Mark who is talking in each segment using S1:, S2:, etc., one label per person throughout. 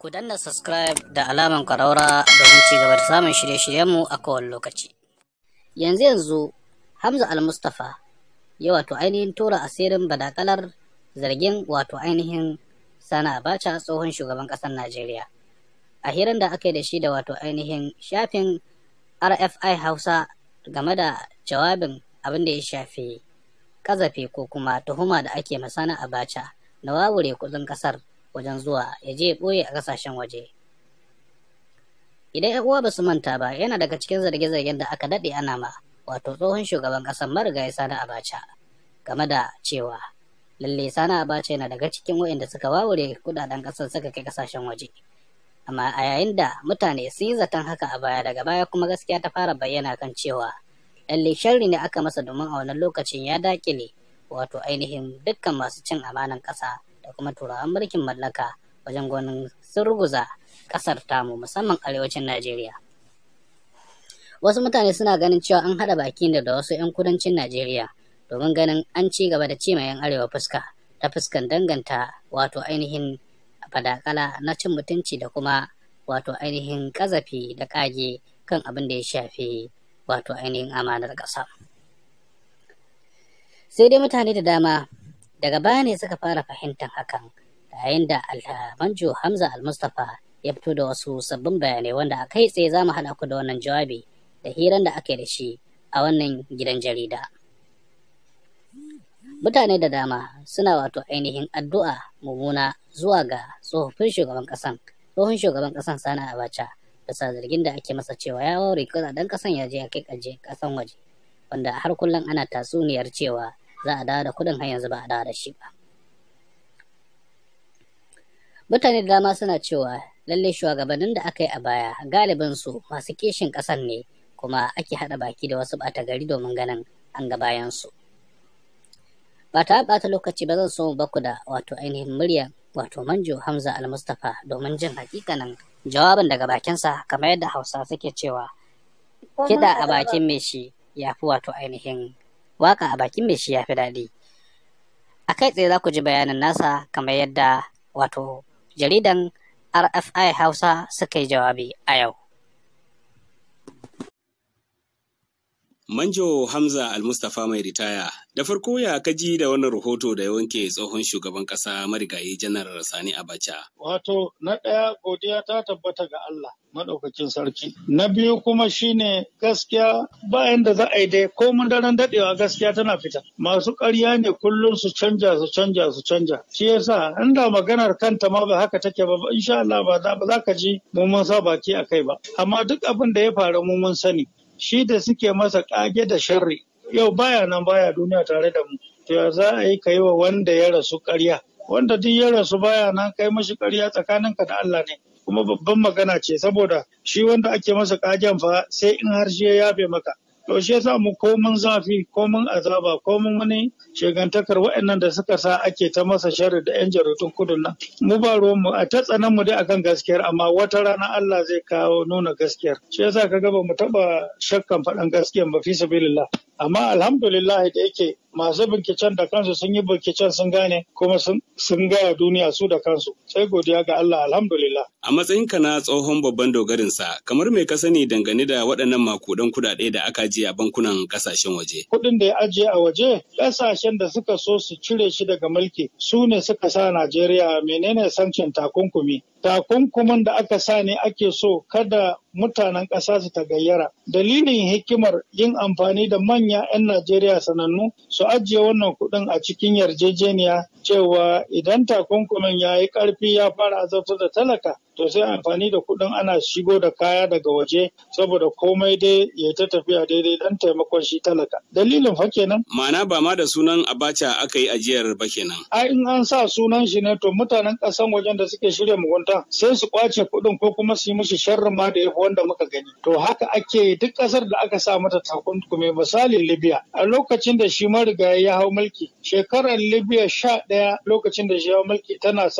S1: Ku danna subscribe da alaman ƙwararra domin ci gaba da samun shirye-shiryenmu a kowane lokaci. Yanzu yanzu Hamza Al-Mustapha ya wato ainihin tura asirin badakalar zargin wato ainihin Sani Abacha tsohon shugaban ƙasar Najeriya. A hirin da aka yi da shi da wato ainihin shafin RFI Hausa game da jawabin abin da ya shafi ƙazafe ko kuma tuhuma da ake masana Abacha na wawure kudin ƙasar wajen zuwa ya je ɓoye a ƙasashen waje. Idan ‘yan uwa ba su manta ba yana daga cikin zarge-zargen da aka daɗe ana ma wato tsohon shugaban ƙasar ya Sani Abacha game da cewa lalle Sani Abacha yana daga cikin waɗanda suka wawure kudaden ƙasar suka kai ƙasashen waje. Amma a yayin da mutane sun yi zaton haka a baya daga baya kuma gaskiya ta fara bayyana kan cewa lalle sharri ne aka masa domin a wannan lokacin ya dakile wato ainihin dukkan masu cin amanan ƙasa da kuma turawan mulkin mallaka wajen gwanin surguza ƙasar kasar tamu musamman arewacin Najeriya. Wasu mutane suna ganin cewa an haɗa baki da da wasu 'yan kudancin Najeriya domin ganin an ci gaba da cima 'yan arewa fuska ta fuskan danganta wato ainihin fadakala na cin mutunci da kuma wato ainihin kazafi da ƙage kan abin da ya shafi wato ainihin amanar ƙasa. Sai dai mutane da dama Daga baya ne suka fara fahimtar hakan, yayin da Alhamanjo Hamza Almustapha ya fito da wasu sabbin bayanai wanda a kai tsaye za mu haɗa ku da wannan jawabi da hiran da ake da shi a wannan gidan jarida. Mutane da dama suna wato ainihin addu'a mummuna zuwa ga tsofaffin shugaban ƙasan, tsohon shugaban ƙasan Sani Abacha, sa zargin da ake masa cewa ya ware kasan ƙasan ya je ya kai ƙasan waje, wanda har kullum ana tatsuniyar cewa za a dawo da kuɗin har yanzu ba a dawo da shi ba mutane da dama suna cewa lallai shugabannin da aka yi a baya galibin su masu kishin ƙasar ne kuma ake haɗa baki da wasu ɓata gari domin ganin an ga bayan ba ta ɓata lokaci ba zan so mu baku da wato ainihin murya wato manjo hamza al-mustapha domin jin hakikanin jawabin daga bakinsa kamar yadda hausa suke cewa kiɗa a bakin mai shi ya fi wato ainihin waka a bakin mai shi ya fi daɗi. A kai tsaye za ku ji bayanin nasa kamar yadda wato jaridan RFI Hausa suka yi jawabi a yau.
S2: Manjo Hamza Almustapha mai ritaya, da farko ya kaji da wannan rahoto da ya wanke tsohon shugaban ƙasa marigayi janar Sani Abacha.
S3: Wato, na ɗaya godiya ta tabbata ga Allah maɗaukakin sarki. Na biyu kuma shine gaskiya bayan da za a yi dai komun daren daɗewa gaskiya tana fita. Masu ƙarya ne kullum su canja su canja su canja. Shi yasa inda maganar kanta ma ba haka take ba insha Allah ba za ka ji mu mun sa baki a kai ba. Amma duk abin da ya faru mu mun sani. shi da suke masa ƙage da sharri yau baya nan baya duniya tare da mu to ya za a yi ka yi wa wanda ya rasu karya. wanda duk ya rasu baya nan kai mashi ƙarya tsakaninka da Allah ne kuma babban magana ce saboda shi wanda ake masa ƙagen fa sai in har shi ya yabe maka To shi yasa mu komin zafi, komin azaba, komin wani shigantakar waɗannan da suka sa ake ta masa sharri da 'yan jarutun kudu nan. Mu ba mu a ta tsanan mu dai akan gaskiyar amma wata rana Allah zai kawo nuna gaskiyar. Shi yasa ka gaba mu taɓa shakkan faɗan gaskiyar ba fi sabilillah. Amma alhamdulillah da yake masu binkicen da kansu sun yi binkicen sun gane kuma sun gaya duniya su da kansu sai godiya ga Allah
S2: alhamdulillah. A matsayinka na tsohon babban dogarin sa, kamar mai ka sani dangane da waɗannan makudan kuɗaɗe da aka ajiye a bankunan ƙasashen waje.
S3: Kuɗin da ya ajiye a waje ƙasashen da suka so su cire shi daga mulki su ne suka sa Najeriya menene sancin takunkumi. Takunkumin da aka sa ne ake so kada mutanen ƙasa su ta gayyara. Dalilin hikimar yin amfani da manya 'yan Najeriya sanannu su ajiye wannan kuɗin a cikin yarjejeniya cewa idan takunkumin ya yi ƙarfi ya fara azabtar da talaka to sai amfani da kuɗin ana shigo da kaya daga waje saboda komai dai ya ta tafiya daidai dan taimakon shi talaka dalilin fa kenan
S2: ma'ana ba ma da sunan abacha aka yi ajiyar ba kenan
S3: ai in an sa sunan shi ne to mutanen ƙasan wajen da suke shirya mugunta sai su kwace kuɗin ko kuma su yi mishi sharrin ma da yafi wanda muka gani to haka ake duk kasar da aka sa mata takunkumi misali libya a lokacin da shi marigayi ya hau mulki shekarar libya sha ɗaya lokacin da shi ya hau mulki tana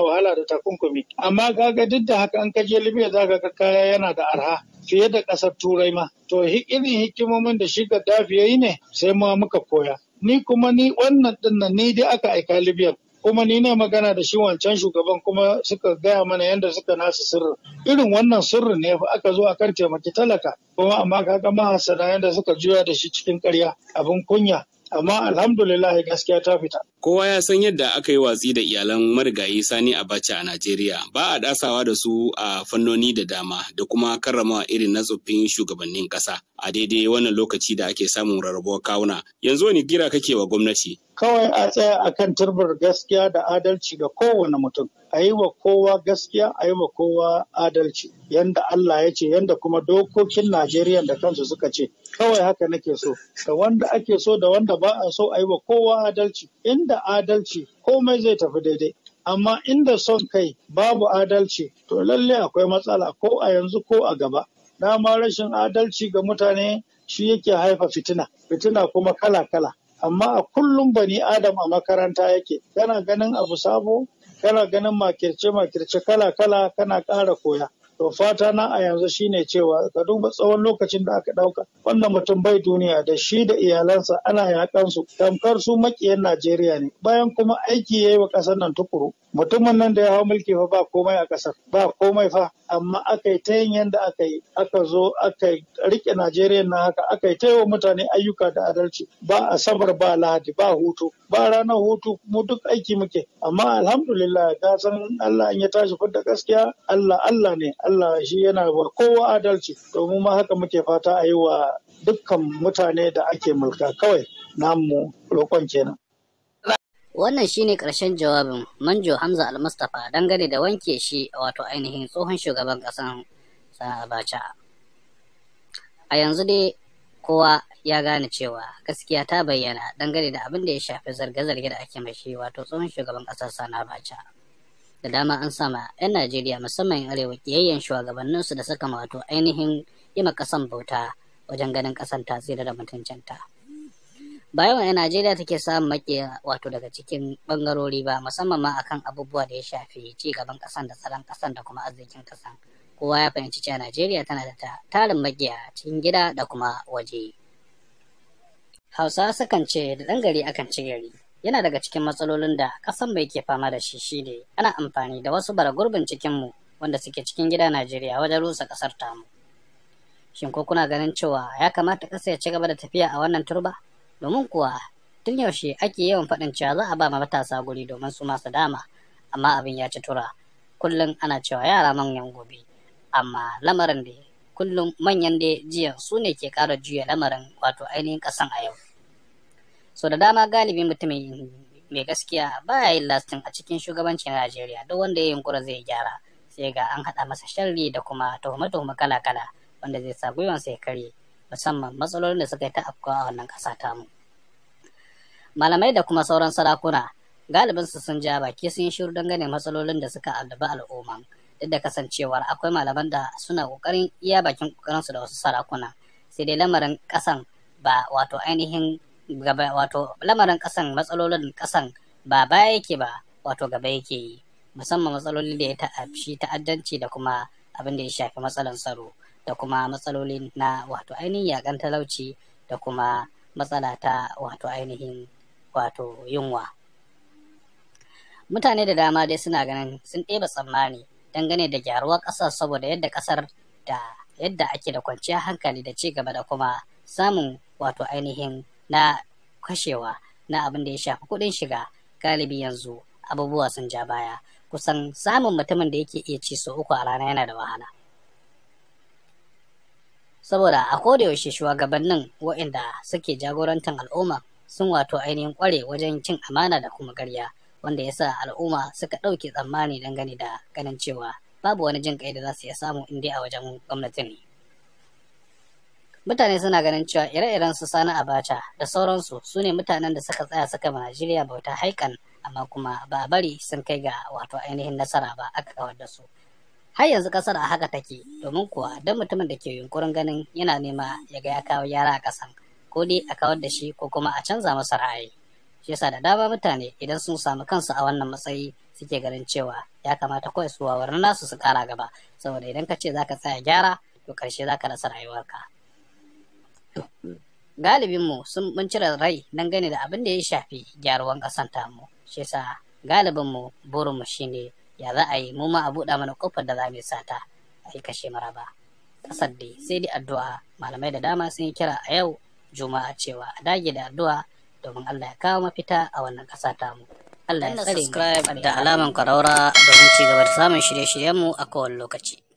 S3: wahala da takunkumi amma ga duk da haka an kaje libya za ka ga kaya yana da arha fiye da ƙasar turai ma to irin hikimomin da shi gaddafi ya yi ne sai ma muka koya ni kuma ni wannan dinnan ni dai aka aika libya kuma ni ne magana da shi wancan shugaban kuma suka gaya mana yadda suka nasu sirrin irin wannan sirrin ne aka zo a kan taimaki talaka kuma amma ka ga mahasana yadda suka juya da shi cikin karya abin kunya amma alhamdulillah gaskiya ta fita.
S2: Kowa ya san yadda aka yi watsi da iyalan marigayi Sani Abacha a Najeriya ba a dasawa da su a fannoni da dama da kuma karramawa irin na tsoffin shugabannin ƙasa a daidai wannan lokaci da ake samun rarrabuwar kawuna. Yanzu wani gira kake wa gwamnati?
S3: kawai a tsaya a kan turbar gaskiya da adalci ga kowane mutum a yi wa kowa gaskiya a yi wa kowa adalci yanda Allah ya ce yanda kuma dokokin Najeriya da kansu suka ce kawai haka nake so da wanda ake so da wanda ba a so a yi wa kowa adalci inda adalci komai zai tafi daidai amma inda son kai babu adalci to lalle akwai matsala ko a yanzu ko a gaba dama rashin adalci ga mutane shi yake haifa fitina fitina kuma kala kala amma a kullum bani adam a makaranta yake kana ganin abu sabo kana ganin makirce makirce kala kala kana ƙara koya To fata na a yanzu shine cewa ka duba tsawon lokacin da aka ɗauka wannan mutum bai duniya da shi da iyalansa ana yakan su tamkar su makiyan Najeriya ne bayan kuma aiki ya yi wa ƙasar nan tukuru mutumin nan da ya hau mulki fa ba komai a ƙasar ba komai fa amma aka yi ta yin yadda aka yi aka zo aka rike Najeriya na haka aka yi ta wa mutane ayyuka da adalci ba a asabar ba lahadi ba hutu ba ranar hutu mu duk aiki muke amma alhamdulillah ka san Allah in ya tashi da gaskiya Allah Allah ne Allah shi yana wa kowa adalci domin ma haka muke fata a yi wa dukkan mutane da ake mulka kawai namu roƙon kenan.
S1: Wannan shi ne ƙarshen jawabin Manjo Hamza Al-Mustapha dangane da wanke shi wato ainihin tsohon shugaban ƙasan Abacha. A yanzu dai kowa ya gane cewa gaskiya ta bayyana dangane da abin da ya shafi zarge-zarge da ake mashi wato tsohon shugaban ƙasar Sani Abacha. da dama an sama 'yan Najeriya musamman 'yan arewa kiyayyen shugabanninsu da suka mato ainihin yima kasan bauta wajen ganin kasan ta tsira da mutuncinta. Bayan 'yan Najeriya take samun maƙiya wato daga cikin bangarori ba musamman ma akan abubuwa da ya shafi ci gaban kasan da tsaron kasan da kuma arzikin kasan. Kowa ya fahimci cewa Najeriya tana da tarin maƙiya cikin gida da kuma waje. Hausawa sukan ce da ɗan gari akan ci gari. yana daga cikin matsalolin da ƙasar mai ke fama da shi shine ana amfani da wasu bara gurbin cikinmu wanda suke cikin gida Najeriya wajen rusa ƙasar tamu. Shin ko kuna ganin cewa ya kamata kasa ya ci gaba da tafiya a wannan turba? Domin kuwa tun yaushe ake yawan faɗin cewa za a ba matasa guri domin su masu dama, amma abin ya ci tura. Kullum ana cewa yara manyan gobe, amma lamarin da kullum manyan da jiya su ne ke ƙara juya lamarin wato ainihin ƙasan a yau. so da dama galibi mutumin mai gaskiya ba ya yi lastin a cikin shugabancin najeriya duk wanda ya yunkura zai gyara sai ga an haɗa masa sharri da kuma tuhume-tuhume kala-kala wanda zai sa gwiwan ya karye musamman matsalolin da suka yi ta afkawa a wannan ƙasa tamu malamai da kuma sauran sarakuna galibinsu sun ja baki sun yi shiru dangane matsalolin da suka addaba al'umma duk da kasancewar akwai malaman da suna kokarin iya bakin kokarinsu da wasu sarakuna sai dai lamarin kasan ba wato ainihin gaba wato lamarin kasan matsalolin kasan ba baya yake ba wato gaba yake yi musamman matsalolin da ya ta'afi ta'addanci da kuma abin da ya shafi matsalan tsaro da kuma matsaloli na wato ainihin yakan talauci da kuma matsala ta wato ainihin wato yunwa mutane da dama dai suna ganin sun ɗeba tsammani dangane da gyaruwar ƙasar saboda yadda ƙasar da yadda ake da kwanciyar hankali da ci gaba da kuma samun wato ainihin na kashewa na abin da ya shafi kuɗin shiga galibi yanzu abubuwa sun ja baya kusan samun mutumin da yake iya ci sau uku a rana yana da wahala saboda a yaushe shugabannin waɗanda suke jagorantar al'umma sun wato ainihin kware wajen cin amana da kuma garya wanda ya sa al'umma suka ɗauke tsammani dangane da ganin cewa babu wani jin kai da za su iya samu in a wajen gwamnati ne Mutane suna ganin cewa ire-iren su Sani Abacha da sauransu su ne mutanen da suka tsaya suka ma Najeriya bauta haikan amma kuma ba bari sun kai ga wato ainihin nasara ba aka kawar da su. Har yanzu kasar a haka take domin kuwa don mutumin da ke yunkurin ganin yana nema ya ga ya kawo yara a kasan ko dai a kawar da shi ko kuma a canza masa ra'ayi. Shi yasa da dama mutane idan sun samu kansu a wannan matsayi suke ganin cewa ya kamata kawai su wawarin nasu su kara gaba saboda idan ka ce za ka tsaya gyara to karshe za ka rasa rayuwarka. galibinmu sun mun cire rai dangane da abin da ya shafi gyaruwan ƙasan tamu shi yasa galibinmu burinmu shine ya za a yi mu ma a buɗa mana kofar da za mu sata a yi kashe maraba ƙasar dai sai dai addu'a malamai da dama sun yi kira a yau juma'a cewa a dage da addu'a domin Allah ya kawo mafita a wannan ƙasa tamu Allah ya tsare da alaman karaura domin ci gaba da samun shirye-shiryenmu a kowane lokaci